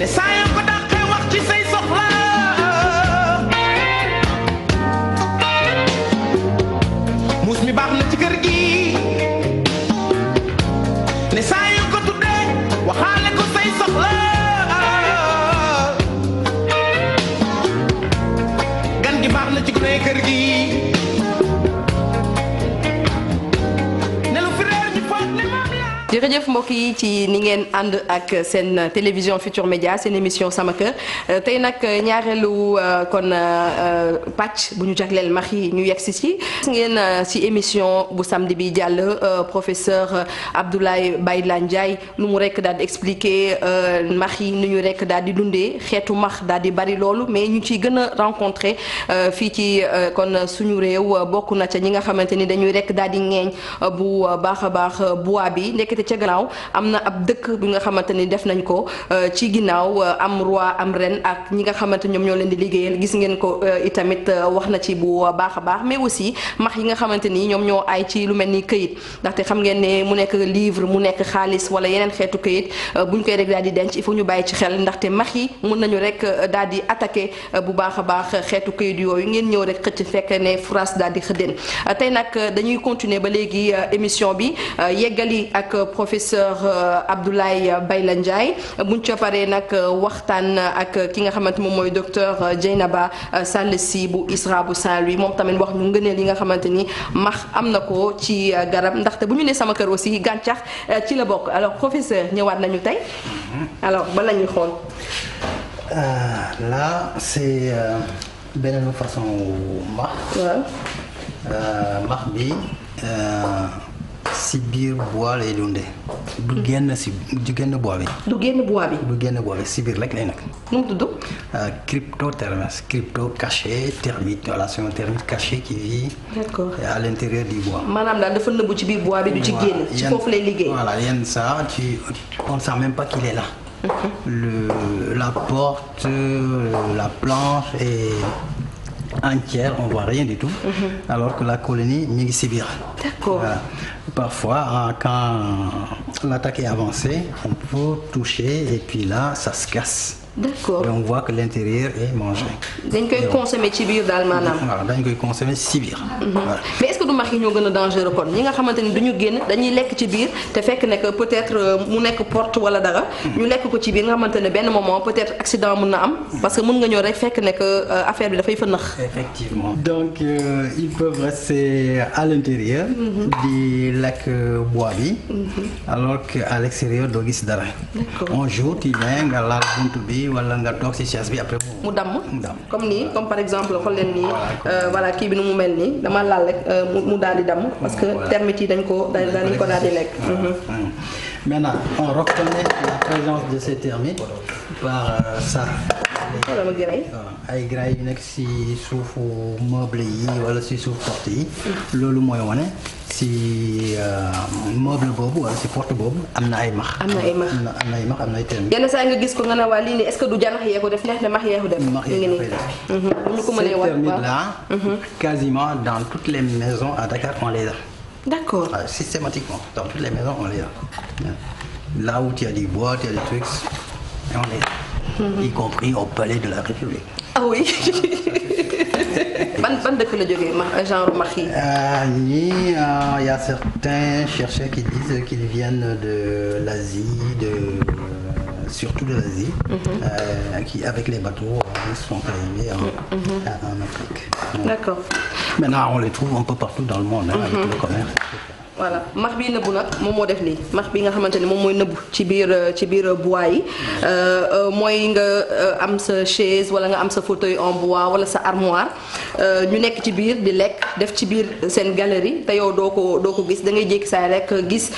ne saa yoo ko dàqee wax ci say soxla muus mi baax na ci kër gi jërëjëf mbokk yi ci ni ngeen ànd ak seen télévision Futur Média seen émission sama kër euh, tey nag euh, ñaareelu euh, kon pàcc bu ñu jagleel max yi ñu yegsi si ngeen si émission bu samedi bi jàll professeur Abdoulaye Baylan Ndiaye lu mu rekk daal di expliquer max yi nu ñu rekk daal di dundee xeetu max daal di bari loolu mais ñu ciy gën a rencontré fii ci kon suñu réew bokk na ca ñi nga xamante ni dañuy rekk daal di ŋeeñ bu baax baax bois bi ndekete ca gannaaw am na ab dëkk bi nga xamante ni def nañ ko euh, ci ginnaaw euh, am roi am ren ak ñi nga xamante ñoom ñoo leen di liggéeyal gis ngeen ko euh, itamit wax na ci bu baax a baax mais aussi max yi nga xamante ni ñoom ñoo ay ci lu mel ni këyit ndaxte xam ngeen ne mu nekk livre mu nekk xaalis wala yeneen xeetu këyit buñ koy rek daal di denc i faut ñu bàyyi ci xel ndaxte max yi mun nañu rek dal di attaqué bu baax a baax xeetu këyit yooyu ngeen ñëw rek xëcc fekk ne France daal di xëddeen tey nag dañuy continuer ba léegi émission bi yeggali ak professeur euh, bay Bayla Ndiaye buñ ca nag euh, waxtaan ak ki nga xamante moom mooy docteur euh, Dieynaba Sall si bu ISRA bu Saint-Louis moom tamit wax mu ngëneel yi nga xamante ni max am na ko ci garab ndaxte bu ñu nee sama kër aussi gàncax ci la bokk alors professeur ñëwaat nañu tey mm-hmm. alors ba ñuy xool. là c'est euh, beneen façon max. max bi. ci biir bois lay dundee. du hmm. génn si du génn bois bi. du génn bois bi. du génn bois bi si biir rek lay nag. nu mu tudd. Euh, crypto termes crypto caché termite voilà c'est termite caché qui vit. d'accord à l'intérieur du bois. maanaam daal dafa nëbbu ci biir bois bi du ci génn. ci foofu lay liggéey voilà yenn saa ci on sait même pas qu'il est là. Mhm. la porte euh, la planche et. entière on voit rien du tout. Mm -hmm. alors que la colonie mi ngi si biir. d'accord voilà. parfois hein, quand l'attaque est avancée on peut toucher et puis là ça se casse. d'accord donc on voit que l'intérieur est mangé. dañ koy consommer ci biir daal maanaam. waaw dañ koy consommer ci biir. Mhm. mais est du max yi ñoo gën a dangereux kon ñi nga xamante ni duñu génn dañuy lekk ci biir te fekk ne peut-être euh, mu nekk porte wala dara. Mhm. ñu lekk ko ci biir nga xamante ne benn moment peut-être accident mun na am. Mhm. parce que mun nga ñoo rek fekk ne que euh, affaire bi dafay fënax. effectivement donc euh, ils peuvent rester à l'intérieur. di lekk euh, bois bi. alors que doo gis dara. bi wala nga toog si chaise bi après. mu damm comme nii comme par exemple xool leen nii. voilà euh, kii bi nu mu mel nii dama laal rek euh, mu daal di damm. parce que termites yi dañ ko dañ dañ ko daal di lekk. Mhm. maintenant on reconnaît la présence de ces termites par sa euh, wala ma graay ay graay yu nekk si suufu meuble yi wala si suuf porte yi. Mm. loolu mooy wane. si euh, meuble boobu wala si porte boobu am na ay max. am na ay max am na ay max am na ay teen. yenn saa nga gis ko nga ne waa lii nii que du janax yee ko def neex na max yee def. max yee mhm. ko def bu mhm. quasiment dans toutes les maisons a. d'accord systématiquement on les a. là où il a du bois il y a des trucs a. Mhm. y compris au palais de la République. ah oui. ban ban dëkk la jógee ma genre max ah, ah, certains chercheurs qui disent qu'ils viennent de l'Asie euh, surtout de l'Asie. Mhm. Euh, qui avec les bateaux euh, sont arrivés en, mhm. Afrique. D'accord. Maintenant on les trouve un peu partout dans le monde. Hein, mhm. le commerce. voilà max bi nëbbu nag moom moo def lii max bi nga xamante ni moom mooy nëbbu ci biir euh, ci biir bois yi euh, euh, mooy nga am sa chaise wala nga am sa fauteuil en bois wala sa armoire ñu nekk ci biir di lekk def ci biir seen galerie te yow doo ko doo ko gis da ngay jékki saay rek gis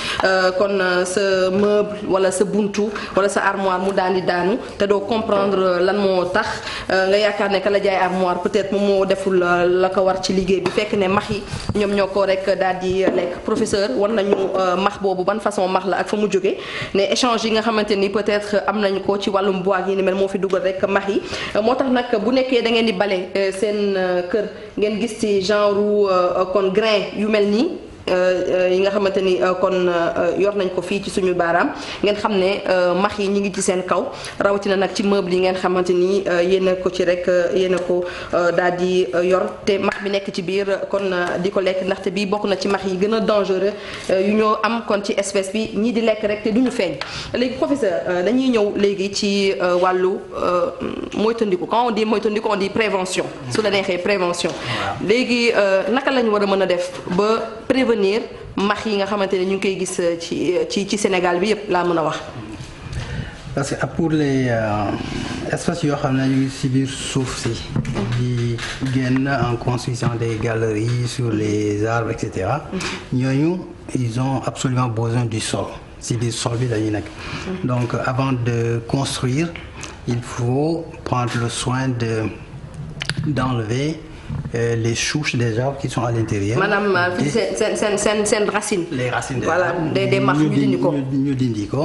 kon sa meuble wala sa buntu wala sa armoire mu daan di daanu te doo comprendre lan moo tax nga yaakaar ne ka la jaay armoire peut-être moom moo deful la ko war ci liggéey bi fekk ne max yi ñoom ñoo ko rek daal professeur wan nañu euh, max boobu ban façon max la ak fa mu jógee ne échange yi nga xamante ni peut-être am nañu ko ci wàllum bois yi ni mel moo fi dugal rek max yi euh, moo tax nag bu nekkee da ngeen di bale euh, seen kër ngeen gis ci genre kon grain yu mel nii Euh, yi nga xamante ni euh, kon euh, yor nañ ko fii ci suñu baaraam ngeen xam ne max yi ñu ngi ci seen kaw rawatina nag ci meuble yi ngeen xamante ni yéen a ko ci rek yéen a ko daal di yor te max bi nekk ci biir kon di ko lekk ndaxte bii bokk na ci max yi gën a dangereux yu ñoo am kon ci espèce bi ñii di lekk rek te duñu feeñ léegi professeur dañuy ñëw léegi ci wàllu moytandiku quand on dit moytandiku on dit prévention su la neexee prévention léegi naka lañ war mën a def ba prévenir soutenir max yi nga xamante ne ñu ngi koy gis euh, ci euh, ci ci Sénégal bi yëpp laa mën a wax. parce que pour les euh, espèces yoo xam ne ñu ngi si biir suuf si. di génn en construisant des galeries sur les arbres et cetera. ñooñu ils ont absolument besoin du sol si sol bi dañuy nekk. donc avant de construire il faut prendre le soin de d'enlever Euh, les souches des arbres qui sont à l'intérieur. maanaam seen seen seen seen racine. les racines des arbres voilà des des max ñu dindi ko ñu dindi ko.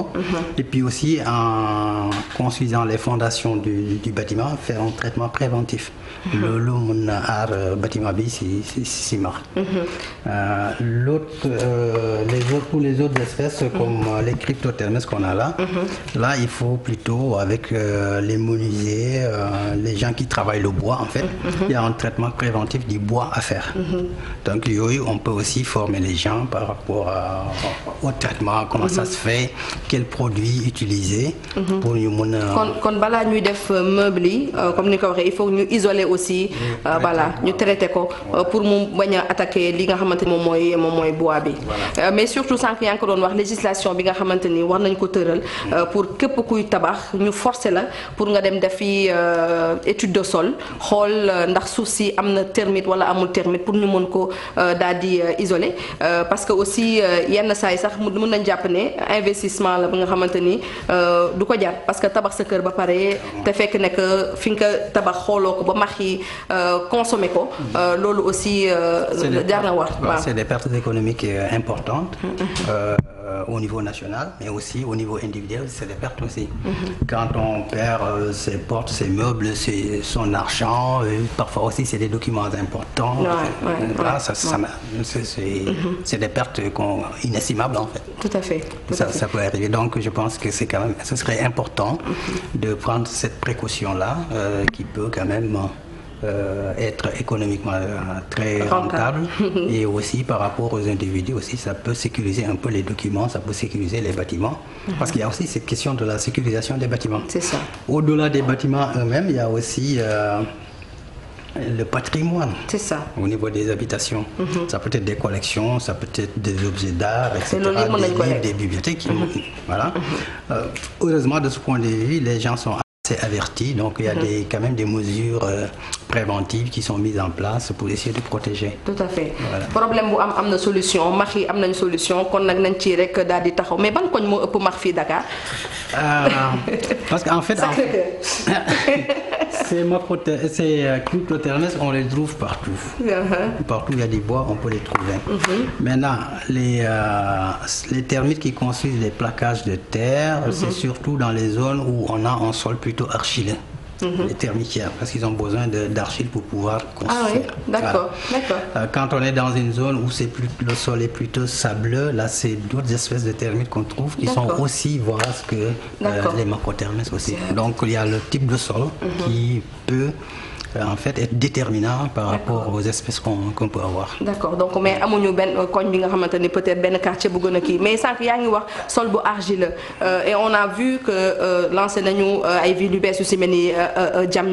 et puis aussi en. construisant les fondations du, du bâtiment faire un traitement préventif mhm. loolu mën na aar euh, bâtiment bi si si ciment mhm. euh, l'autre euh, les autres pour les autres espèces mhm. comme les cryptothermes qu'on a là là il faut plutôt avec euh, les menuisiers euh, les gens qui travaillent le bois en fait il y a un traitement préventif du bois à faire donc yooyu on peut aussi former les gens par rapport à, au traitement comment ça se fait quels produits utiliser pour mën kon kon balaa ñuy def euh, meuble yi euh, comme ni ko waxee il faut ñu isoler aussi. Mm. Euh, voilà ñu traité ko pour mu bañ a attaquer li nga xamante ni moom mooy moom mooy bois bi. mais surtout sànq yaa ko doon wax législation bi nga xamante ni war nañ ko tëral. Mm. pour képp kuy tabax ñu forcer la pour nga dem def fi étude de sol xool ndax suuf si am na termite wala amul termite pour ñu mën ko daal di isoler parce que aussi yenn saa yi sax mën nañ jàpp ne investissement la bi nga xamante ni du ko tabax sa kër ba pare te fekk ne que fi nga tabax xooloo ko ba max yi euh, consommer ko mm-hmm. euh, loolu aussi euh, jar na war waaw c'est des pertes économiques importantes mm-hmm. euh, au niveau national mais aussi au niveau individuel c'est des pertes aussi mm-hmm. quand on perd ses portes ses meubles son argent parfois aussi c'est des documents importants voilà ça ça c'est des pertes qu'on inestimables en fait tout à fait tout ça, je pense que c'est quand même ce important de prendre cette précaution-là euh, qui peut quand même euh, être économiquement euh, très rentable. rentable. et aussi par rapport aux individus aussi, peut sécuriser un peu les documents, ça peut sécuriser les bâtiments. Mhm. Parce qu'il y a aussi cette question de la sécurisation des bâtiments. Au-delà des bâtiments eux-mêmes, il y a aussi euh, le patrimoine. C'est ça. Au niveau des habitations. Mhm. Ça peut être des collections, ça peut être des objets d'art, etc. des, bibliothèques. Mhm. Voilà. Mhm. Euh, heureusement, de ce point de vue, les gens sont avertis, donc il y a des, quand même des mesures euh, préventives qui sont mises en place pour essayer de protéger. tout à fait voilà. problème bu am am na solution max yi am nañ solution kon nag nañ ci rek daal di taxaw mais ban kon moo ëpp max fii Dakar. Euh, parce que en fait. en fait ces macroter ces on les trouve partout. Uh-huh. partout il y a des bois on peut les trouver. Uh mm-hmm. -huh. les euh, les termites qui construisent les plaquages de terre. Mm-hmm. c'est surtout dans les zones où on a un sol plutôt argileux. Mhm. les termitières, parce qu'ils ont besoin d'argile pour pouvoir ah construire. Ah oui, d'accord, voilà. Euh, quand on est dans une zone où c'est plus, le sol est plutôt sableux, là c'est d'autres espèces de termites qu'on trouve qui sont aussi voraces que euh, les macrothermes aussi. Donc il y a le type de sol mhm. qui peut en fait être déterminant par rapport aux espèces qu'on qu'on peut avoir. d'accord donc mais amuñu benn koñ bi nga xamante ni peut-être benn quartier bu gën a kii mais sànq yaa ngi wax sol bu argileux euh, et on a vu que euh, lancé nañu euh, ay villes yu bees yu si mel ni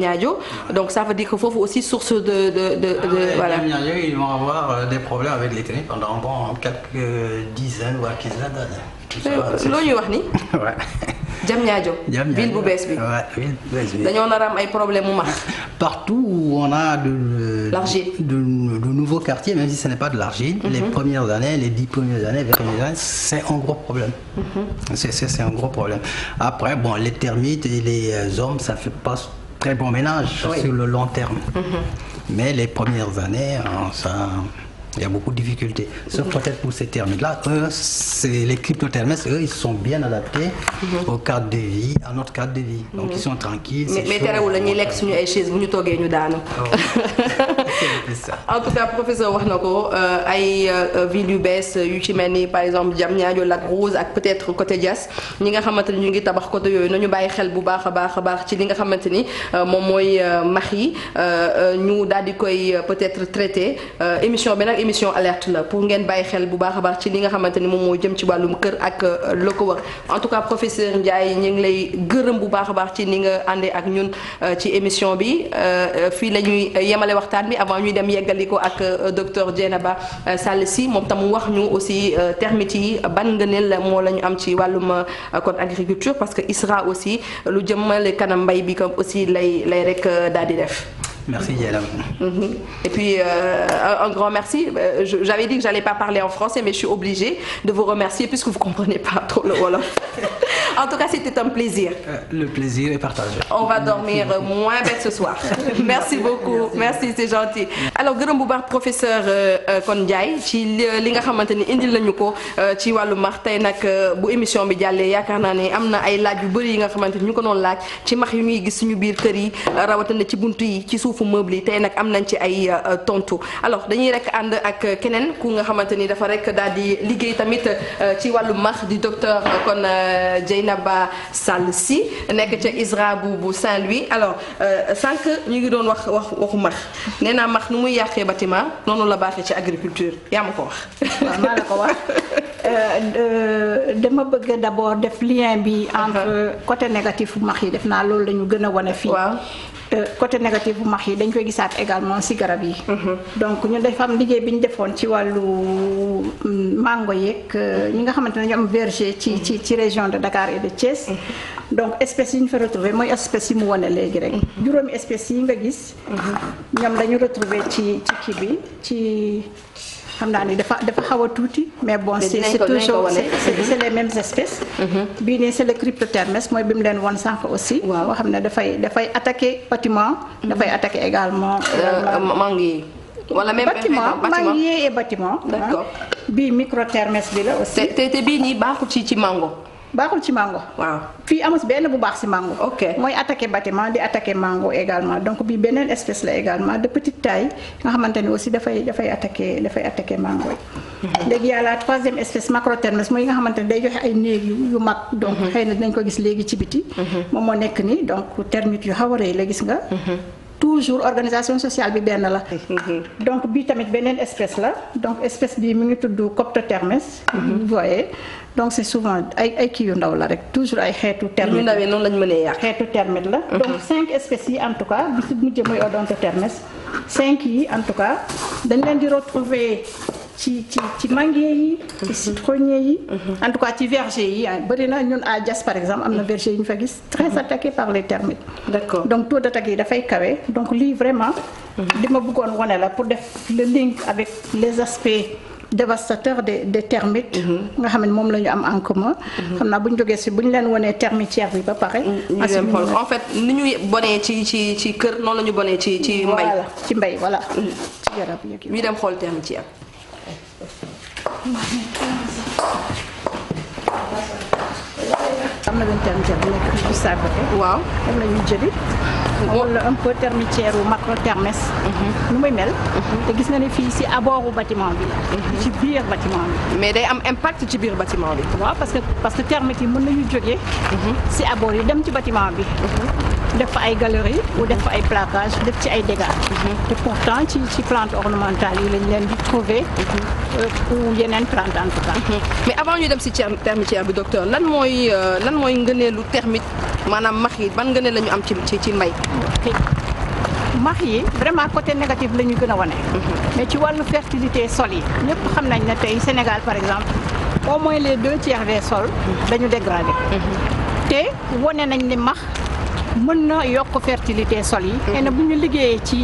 ñaajo donc ça veut dire que foofu aussi source de de de ah de, ah, vont avoir des problèmes avec les trains pendant bon quelques dizaines voire quinzaine d'années. loo ñuy wax ni waaw jam ñaajo ville bu bees bi ville bu bees bi dañoo nar a am ay problème partout on a euh, de nouveaux quartiers même si ce n'est pas de l'argile mhm. les premières années les dix premières années les premières années c'est un gros problème mm -hmm. c'est c'est après les termites et les euh, hommes ça fait pas très bon ménage sur le long terme mhm. mais les premières années Il y a beaucoup de difficultés. Sauf peut-être pour ces termites-là, eux, les cryptotermites, eux, ils sont bien adaptés mhm. au cadre de vie, à notre cadre de vie. Donc mhm. ils sont tranquilles. Mais terewul la ñuy lekk suñu ay chaises bu ñu toogee ñu daanu. Ah en tout cas professeur wax na ko euh, ay euh, villes yu bees yu ci mel ni par exemple jam Diamniadio Lac Rose ak peut-être côté Diass ñi nga xamante ni ñu ngi tabax côté yooyu nañu bàyyi xel bu baax a baax a baax ci li nga xamante ni euh, moom mooy max yi ñu daal di koy peut-être traité émission bi nag émission alerte la pour ngeen bàyyi xel bu baax a baax ci li nga xamante ni moom moo jëm ci wàllum kër ak euh, la ko wër en tout cas professeur Ndiaye ñu ngi lay gërëm bu baax a baax ci ni nga àndee ak ñun euh, ci émission bi euh, fii la ñuy yemale waxtaan bi avant ñuy dem yeggali ko ak docteur Dieynaba Sall si moom tam wax ñu aussi termites yi ban ngëneel moo la ñu am ci wàllum kon agriculture parce que ISRA aussi lu jëmale kanam mbay bi comme aussi lay lay rek daal di def. Merci Yalam. Mm -hmm. Et puis euh, merci. Euh, j'avais dit que j'allais pas parler en français, mais je suis obligée de vous remercier puisque vous comprenez pas trop le wolof. en tout cas, c'était un plaisir. Euh, le plaisir est partagé. On va dormir moins bête ce soir. merci beaucoup. Merci, c'est gentil. alors gërëm bu professeur Kon Ndiaye ci li nga xamante ni indil lañu ko ci wàllu max tey nag bu émission bi jàllee yaakaar naa ne am na ay laaj yu bëri yi nga xamante ni ñu ko doon laaj ci max yu ñuy gis suñu biir kër yi rawatina suufu meuble yi tey nag am nañ ci ay euh, euh, tontu alors dañuy rek ànd ak keneen ku nga xamante ni dafa rek daal di liggéey tamit euh, ci wàllu max di docteur kon Dieynaba Sall si nekk ca ISRA bu bu Saint-Louis alors sànq ñu ngi doon wax wax waxu max nee naa max nu muy yàqee bâtiment noonu la baaxee ci agriculture yaa ma ko wax. waaw maa la ko wax dama bëgg d'abord def lien bi. entre côté négatif max yi def naa loolu lañu gën a wane fii. Euh, côté négatif bu max yi dañ koy gisaat également si garab yi. Mhm. donc ñu dafa liggéey bi ñu defoon ci wàllu mm, mango yeeg euh, ñi nga xamante ne ñu am verger ci mhm. ci ci région de Dakar et de Thiès. Mhm. donc espèces yi ñu fa retrouvé mooy espèce yi mu wane léegi rek. juróomi espèces yi nga gis. ñoom dañu retrouvé ci ci kii bi ci. xam naa ni dafa dafa xaw a tuuti mais bon c'est toujours c'est les mêmes espèces mm-hmm. bii nii c'est cryptothermes mooy bi mu leen won sànq aussi boo xam ne dafay dafay attaquer bâtiment mm-hmm. dafay attaquer également euh, euh, maa ngi wala même bâtiment maa ngi yee bâtiment d'accord bii microthermes bi la aussi te te bii nii baaxu ci ci mango baaxul ci mango. waaw fii amus benn bu baax si mango. ok mooy attaqué bâtiment di attaqué mango également donc bii beneen espèce la également de petite taille nga xamante ne aussi dafay dafay attaqué dafay attaqué mango yi. Mhm. léegi y a la troisième espèce macrothermes mooy nga xamante ne day joxe ay néeg yu mag. Mhm. donc xëy na dinañ ko gis léegi ci biti. Mhm. moom moo nekk nii donc termite yu xaw a la gis nga. toujours organisation sociale bi benn la. donc bii tamit beneen espèce la donc espèce bii mu ngi tudd Coptothermes. Mhm. vous voyez donc c' est souvent ay ay kii yu ndaw la rek toujours ay xeetu. termite yu ndaw yi noonu lañ mënee yàq. xeetu termite la. Mhm. donc cinq espèces yi en tout cas bi si mujjee mooy Odontothermes cinq yi en tout cas dañ leen di retrouver ci ci ci manguier yi ci mhm. citronnier yi mhm. en tout cas ci verger yi ah, bëri na ñun à Diass par exemple am na mhm. verger yi ñu fa gis très attaqué par les termites d'accord donc taux d'attaque yi dafay kawe donc lii vraiment li ma bëggoon wane la pour def le link avec les aspects dévastateur de des termites. nga xam ne moom la ñu am en commun. xam naa bu ñu jógee si bu ñu leen wanee termitière bi ba pare. ñu leen en fait ni ñu bonee ci ci ci kër noonu la ñu bonee ci ci mbay. ci mbay voilà ci garab yi. ñu dem xool termitière. am na benn termitière bu nekk fii ci Sabaté. waaw dem nañu jëli. wala un peu termitière wu macro termes. nu mel. te gis na ni fii si abordu bâtiment bi. Mhm. ci biir bâtiment bi. mais day am impact ci biir bâtiment bi. waaw parce que parce que termites yi mën nañu jógee. Mhm. si abord yi dem ci batiment bi. Mhm. def fa ay galerie mu def ay placage def ci ay dégâts. Mhm. te pourtant ci ci plante ornementale yi lañ leen di trouver pour euh, yeneen plante en mhm. mais avant ñu dem si termitière bi docteur lan mooy euh, lan mooy lu termite maanaam max yi ban ngëneel lañu am ci ci ci mbay. max yi vraiment côté négative la ñu gën a wane. Mhm. mais ci wàllu fertilité sol yi ñëpp xam nañ ne tey Sénégal par exemple au moins les deux tiers des sols dañu dégradé. te wane nañ ne max. mën na yokk fertilité sol yi. xëy na bu ñu liggéeyee ci.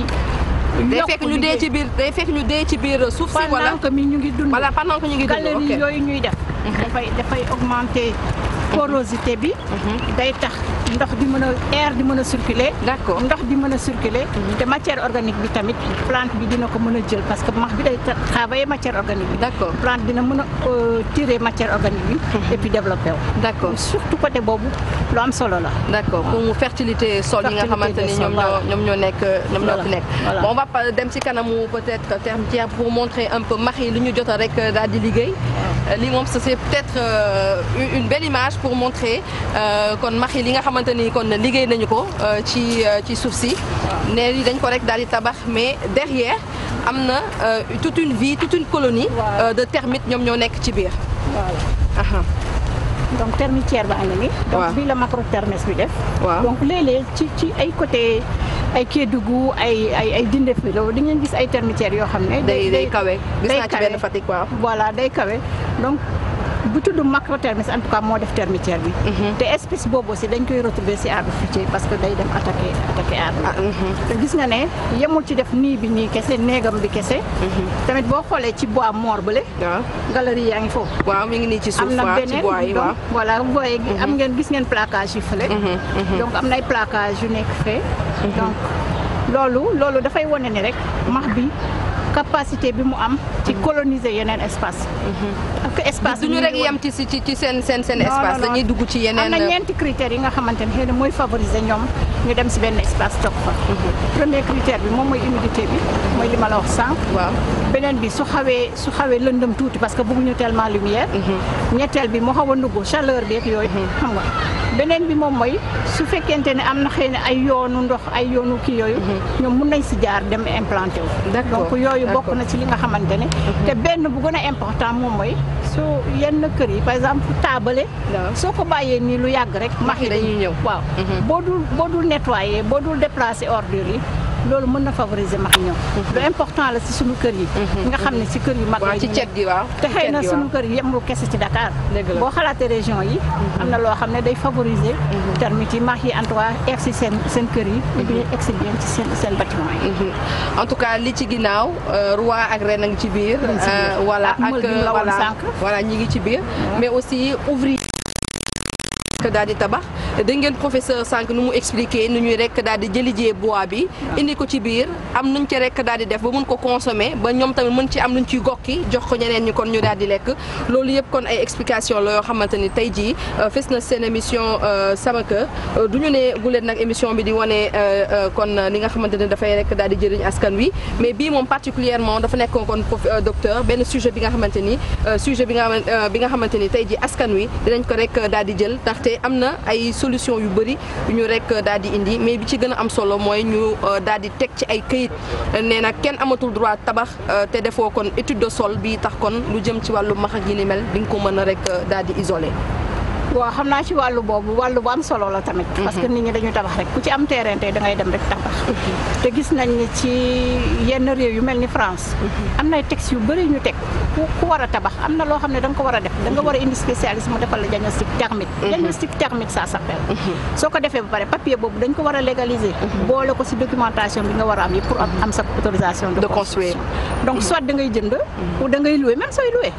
day fekk ñu dee ci biir day fekk ñu dee ci biir suuf si. wala pendant ñu ngi dund. wala pendant que ñu ngi dund ok galerie yooyu ñuy def. Mhm. dafay dafay augmenter. porosité bi. Mhm. day tax ndox di mën a air di mën a circuler. d'accord ndox di mën a circuler. Mhm. te matière organique bi tamit plante bi dina ko mën a jël parce que max bi day travailler matière organique bi. d'accord plante dina mën a euh, tirer matière organique bi. Mhm. et puis développer wu. d'accord surtout côté boobu lu am solo la. d'accord pour fertilité sol yi nga xamante ni ñoom ñoo ñoom ñoo nekk ñoom ñoo fi nekk. on va dem ci kanamu peut-être terme tiers pour montrer un peu max yi ñu jot rek euh, daal di liggéey. Euh, lii moom ce c'est peut-être euh, une belle image pour montrer euh, kon max yi li nga xamante ni kon liggéey nañu ko ci ci suuf si nee dañ ko rek daal di tabax mais derrière am na toute une vie toute une colonie de termites ñoom ñoo nekk ci biir donc termitière ba ànd ni donc bii la macro termes bi def donc léeg-léeg ci ci ay côté ay Kédougou ay ay ay Dindef bi loolu di ngeen gis ay termitières yoo xam ne day day kawe gis naa ci benn Fatick waaw voilà day kawe donc bu tudd macrothermis en tout cas moo def termitière bi. Mhm. te espèce boobu aussi dañ koy retrouver si arbre fruitier parce que day dem attaqué attaqué arbre. Ah, mhm. te gis nga ne yemul ci def nii bi nii kese néegam bi kese. Mhm. tamit boo xoolee ci bois mort bële. waaw ah. galerie yaa ngi foofu. waaw mi ngi nii ci suuf waaw ci bois yi waaw am ngeen gis ngeen placage yu fële. donc am nay placage yu nekk fee. donc loolu loolu dafay wone ni rek max bi. capacité bi mu am ci mm-hmm. coloniser yeneen espace mm-hmm. parce que espace duñu ñu yem ci ci seen seen seen espace dañuy dugg ci yeneen am na euh, ñeenti critères yi nga xamante ne xëy na mooy favoriser ñoom ñu dem si benn espace toog fa mm-hmm. premier critère bi moom mooy humidité bi mooy li ma la wax sànq waaw beneen bi su xawee su xawee lëndëm tuuti parce que bëgguñu tellement lumière ñetteel bi moo xaw a nugg chaleur bi ak yooyu xam nga beneen bi moom mooy su fekkente ne am na xëy na ay yoonu ndox ay yoonu kii yooyu mhm. ñoom mun nañ si jaar dem implanté wu donc yooyu bokk na ci li nga xamante ne mhm. te benn bu gën a important moom mooy su yenn kër yi par exemple taabale soo ko bàyyee nii lu yàgg rek max yi dañuy ñëw waaw mhm. boo dul boo dul nettoyé boo dul déplacé ordures yi loolu mën na favoriser mag ñëw lu important la si suñu kër yi mhm. nga xam ne si kër yu mag ci cet gi waaw te xëy na suñu kër yi yemul kese ci Dakar boo xalaatee région yi mhm. am na loo xam ne day favoriser mhm. termite yi mag yi en tout cas egg seen seen kër yi ñu egg si seen seen bâtiment yi tout cas li ci ginnaaw euh, roi ak ren a ngi ci biir wala euh, ak wala ñi ngi ci biir mais aussi rek di tabax da ngeen professeur sànq nu mu expliqué nu ñuy rek daal di jëlijee bois bi indi ko ci biir am nuñ ci rek daal di def ba mun ko consommer ba ñoom tamit mën ci am luñ ciy gokki jox ko ñeneen ñi kon ñu daal di lekk loolu yëpp kon ay explication la yoo xamante ni tey jii euh, fes na seen émission euh, sama kër euh, du ñu ne guleen nag émission bi di wane kon ni nga xamante ne dafay rek daal di jëriñ askan wi mais bii moom particulièrement dafa nekkoon kon docteur benn sujet bi nga xamante ni sujet bi nga bi nga xamante ni tey jii askan wi dinañ ko rek te am na ay solution yu bëri ñu rek daal di indi mais bi ci gën a am solo mooy ñu euh, daal di teg ci ay këyit nee na kenn amatul droit tabax euh, te defoo kon étude de sol bi tax kon lu jëm ci wàllu max ak yi ni mel di nga ko mën a rek euh, daal di isolé waaw xam naa ci wàll boobu wàll bu am solo la tamit. Mhm. parce que nit ñi dañuy tabax rek ku ci am terrain tey da ngay dem rek tabax. Mhm. te gis nañ ni ci yenn réew yu mel ni France. Mhm. am nay textes yu bari ñu teg ku war a tabax am na loo xam ne da ko war a def da nga war a indi spécialiste mu defal la diagnostic thermique. diagnostic thermique ça s'appelle. soo ko defee ba pare papier boobu dañ ko war a légaliser. boole ko si documentation bi nga war a am yëpp pour am sa autorisation. de construire donc soit da ngay jënd. ou da ngay louer même sooy louer.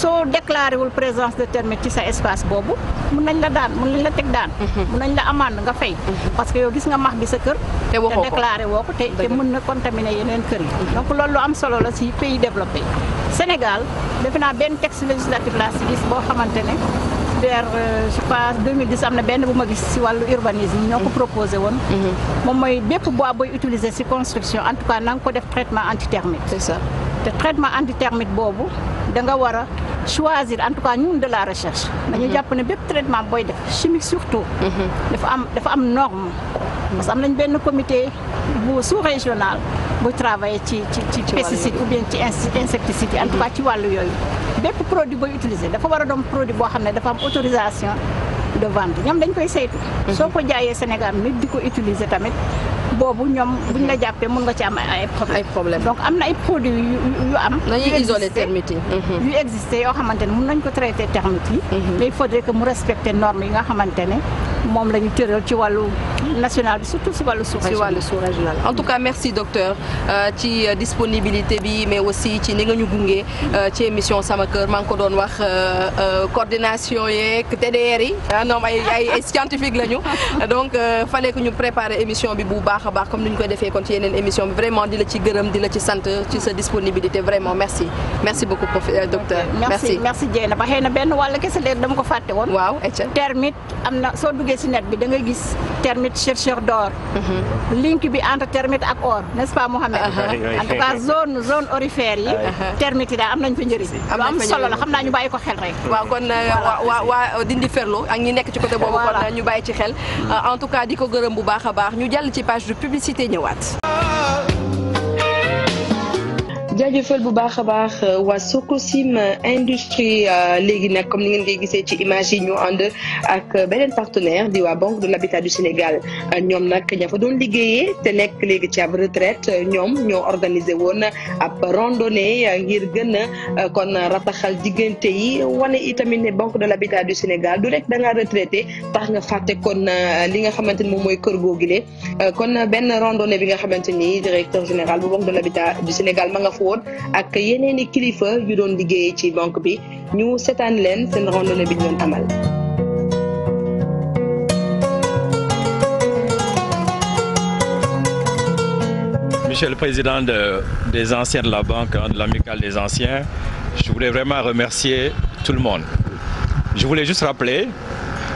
soo déclaré wul présence de termite ci sa espace boobu. boobu mun nañ la daan mun nañ la teg daan mhm. mun nañ la amande nga fay mhm. parce que yow gis nga max bi sa kër te déclaré woo ko te te mën na contaminer yeneen kër yi mhm. donc loolu lu am solo la si pays développé Sénégal defe naa benn texte législatif la si gis boo xamante ne vers euh, je pense 2010 am na benn bu ma gis si wàllu urbanisme ñoo ko proposé woon moom mooy bépp bois booy utiliser si construction en tout cas na nga ko def traitement antitermite c'est ça te traitement antitermite boobu da nga war a choisir en tout cas ñun de la recherche. dañu jàpp ne bépp traitement booy def chimique surtout. dafa am dafa am norme. parce que am nañ benn comité bu sous régional bu travailler ci ci ci pesticide ou bien ci insecticide yi en tout cas ci wàllu yooyu. bépp produit booy utiliser dafa war a doom produit boo xam ne dafa am autorisation de vente ñoom dañ koy saytu. Mhm. soo ko jaayee Sénégal nit di ko utiliser tamit. boobu ñoom ñu la jàppee mun nga ci am ay ay problème donc am na ay produits yu am. dañuy isoler termites yi mhm. yu existé yoo xamante ne mun nañ ko traité termites yi. Mhm. mais il faudrait que mu respecté normes yi nga xamante ne. moom la ñu tëral ci wàllu national bi surtout si wàllu sous si wàllu en tout cas merci docteur euh, ci disponibilité bi mais aussi ci ni nga ñu gunge euh, ci émission sama kër maa ngi ko doon wax euh, coordination yeeg TDR yi ñoom ah ay ay scientifique lañu donc fallait que ñu préparer émission bi bu baax a baax comme ni ñu koy defee kon ci yeneen émission bi vraiment di la ci gërëm di la ci sant ci sa disponibilité vraiment merci merci beaucoup prof docteur. merci merci Diène ba xëy na benn wàll kese dama ko fàtte woon. waaw termite am duggee si net bi da ngay gis termite chercheur d'or mhm. link bi entre termite ak or n'est-ce pas Mohamed en tout cas zone zone aurifère yi termite yi daal am nañ fa njëriñ lu am solo la xam naa ñu bàyyi ko xel rek waa kon euh, waa waa euh, dindi ferlo ak ñi nekk ci côté boobu kon euh, ñu bàyyi ci xel en tout cas di ko gërëm bu baax a baax ñu jàll ci page de publicité ñëwaat jaajëfal bu baax a baax euh, waa Sococim euh, industrie euh, léegi nag comme ni ngeen koy gisee ci image yi ñu ànd ak beneen partenaire di waa banque de l'habitat du Sénégal ñoom nag ña fa doon liggéeyee te nekk léegi ci ab retraite ñoom ñoo organiser woon ab randonnée ngir gën a kon rataxal diggante yi wane itamit ne banque de l'habitat du Sénégal du rek da ngaa retraité tax nga fàtte kon li nga xamante ni moom mooy kër googile kon benn randonnée bi nga xamante ni directeur général bu banque de l'habitat du Sénégal ma woon ak yeneen i kilifa yu doon liggéeyee ci banque bi ñu seetaan leen seen randonnée bi ñu doon amal. Monsieur le Président des anciens de la banque, de l'amicale des anciens, je voulais vraiment remercier tout le monde. Je voulais juste rappeler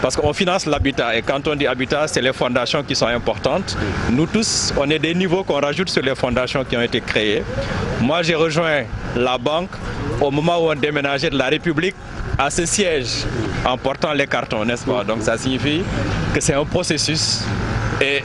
Parce qu'on finance l'habitat et quand on dit habitat, c'est les fondations qui sont importantes. Nous tous, on est des niveaux qu'on rajoute sur les fondations qui ont été créées. Moi, j'ai rejoint la banque au moment où on déménageait de la République à ce siège en portant les cartons, n'est-ce pas? Donc ça signifie que c'est un processus et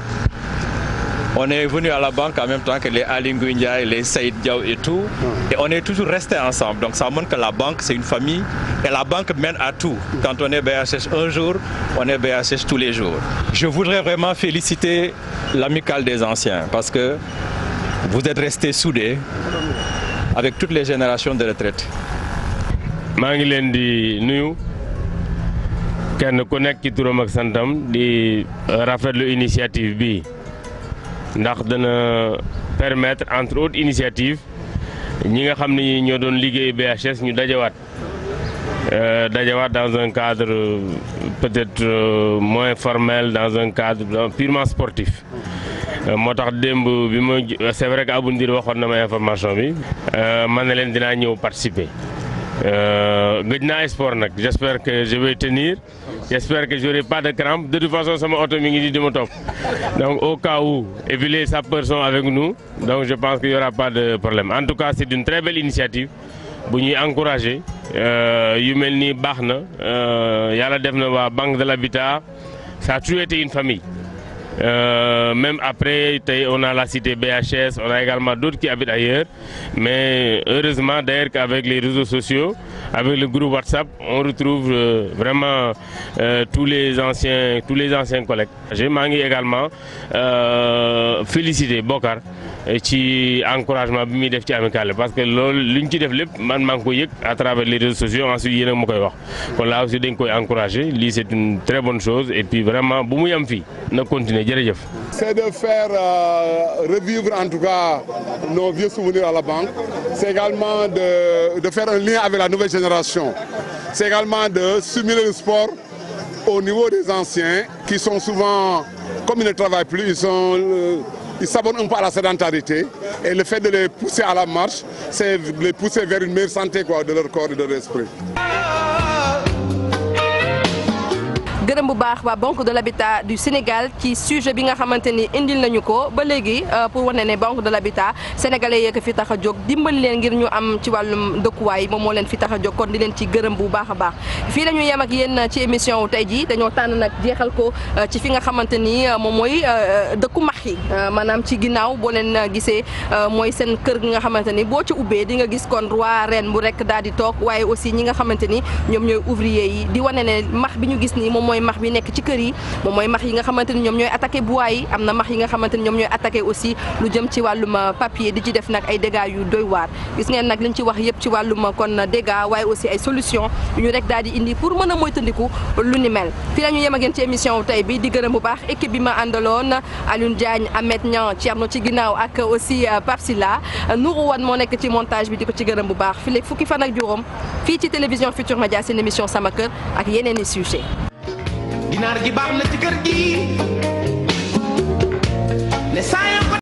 On est venu à la banque en même temps que les Alingou les Saïd Diaw et tout. Hmm. Et on est toujours resté ensemble. Donc ça montre que la banque, c'est une famille. Et la banque mène à tout. Quand on est BHS un jour, on est BHS tous les jours. Je voudrais vraiment féliciter l'amicale des anciens parce que vous êtes restés soudés avec toutes les générations de retraite. maa ngi leen di nuyu kenn ku nekk ci turam ak santam di rafetlu initiative bi ndax dana permettre entre autres initiatives ñi nga xam ni ñoo doon liggéey BHS ñu dajawaat euh, dajawaat dans un cadre peut-être euh, moins formel dans un cadre purement sportif euh, moo tax démb bi ma c'est vrai que Abou Ndir waxoon na ma information bi man na leen dinaa ñëw participer Euh, gëj naa sport nag j' espère que je vais tenir j' espère que j'aurai pas de crampes de toute façon sama oto mi ngi nii di ma topp donc au cas où et puis les sapeurs sont avec nous donc je pense qu'il y aura pas de problème en tout cas c' est une très belle initiative bu ñuy encouragé euh, yu mel ni baax na euh, yàlla def na waa banque de l'habitat ça a toujours une famille Euh, même après, on a la cité BHS, on a également d'autres qui habitent ailleurs. Mais heureusement, d'ailleurs, qu'avec les réseaux sociaux, avec le groupe WhatsApp, on retrouve euh, vraiment euh, tous les anciens, tous les anciens collègues. J'ai manqué également euh, féliciter Bokar. ci encouragement bi muy def ci amicale parce que loolu li ci def lépp man maa ngi koy yëg à travers les réseaux sociaux ensuite yéen a wax kon là aussi dañ koy encouragé lii c' une très bonne chose et puis vraiment bu mu yem fii na continuer jërëjëf. c' de faire euh, revivre en tout cas nos vieux souvenirs à la banque c' également de de faire un lien de stimuler le sport au niveau des anciens qui sont souvent comme ils ne travaillent plus ils sont. Euh, ils s'abonnent un peu à la sédentarité et le fait de les pousser à la marche, c'est les pousser vers une meilleure santé quoi, de leur corps et de leur esprit. gërëm bu banque de l'habitat du Sénégal ci sujet bi nga xamante ni indil nañu ko ba léegi euh, pour wane ne banque de l'habitat sénégalais yeeg fi tax a jóg dimbali leen ngir ñu am ci wàllum dëkkuwaay moom moo leen fi tax a jóg kon di leen ci gërëm bu baax a baax fii la ñu yem ak yéen tey jii dañoo tànn nag jeexal ko euh, ci fi nga xamante ni euh, moom mooy dëkku max yi maanaam ci ginnaaw boo leen gisee mooy seen kër gi nga xamante ni boo ci ubbee di nga gis kon roi reine bu rek daal di toog waaye aussi ñi nga xamante ni ñoom ñooy ouvrier yi di wane ne max bi ñu gis ni moom mooy max bi nekk ci kër yi moom mooy max yi nga xamante ni ñoom ñooy attaqué bois yi am na max yi nga xamante ni ñoom ñooy attaqué aussi lu jëm ci wàllum euh, papier di ci def nag ay dégâts yu doy waar gis ngeen nag liñ ci wax yëpp ci wàllum euh, kon dégâts waaye aussi ay solution yu ñu rek daal di indi pour mën a moytandiku lu ni mel fii la ñu yem ak yéen ci émission tey bi di gërëm bu baax équipe bi ma àndaloon Alioune Diagne Ahmed Niang Thierno ci ginnaaw ak aussi euh, Pape Silla Nourou Wan moo nekk ci montage bi di ko ci gërëm bu baax fii léegi fukki fan ak juróom fii ci télévision Futur Média seen émission sama kër ak yeneen i sujet ginaar gi baax na ci kër gi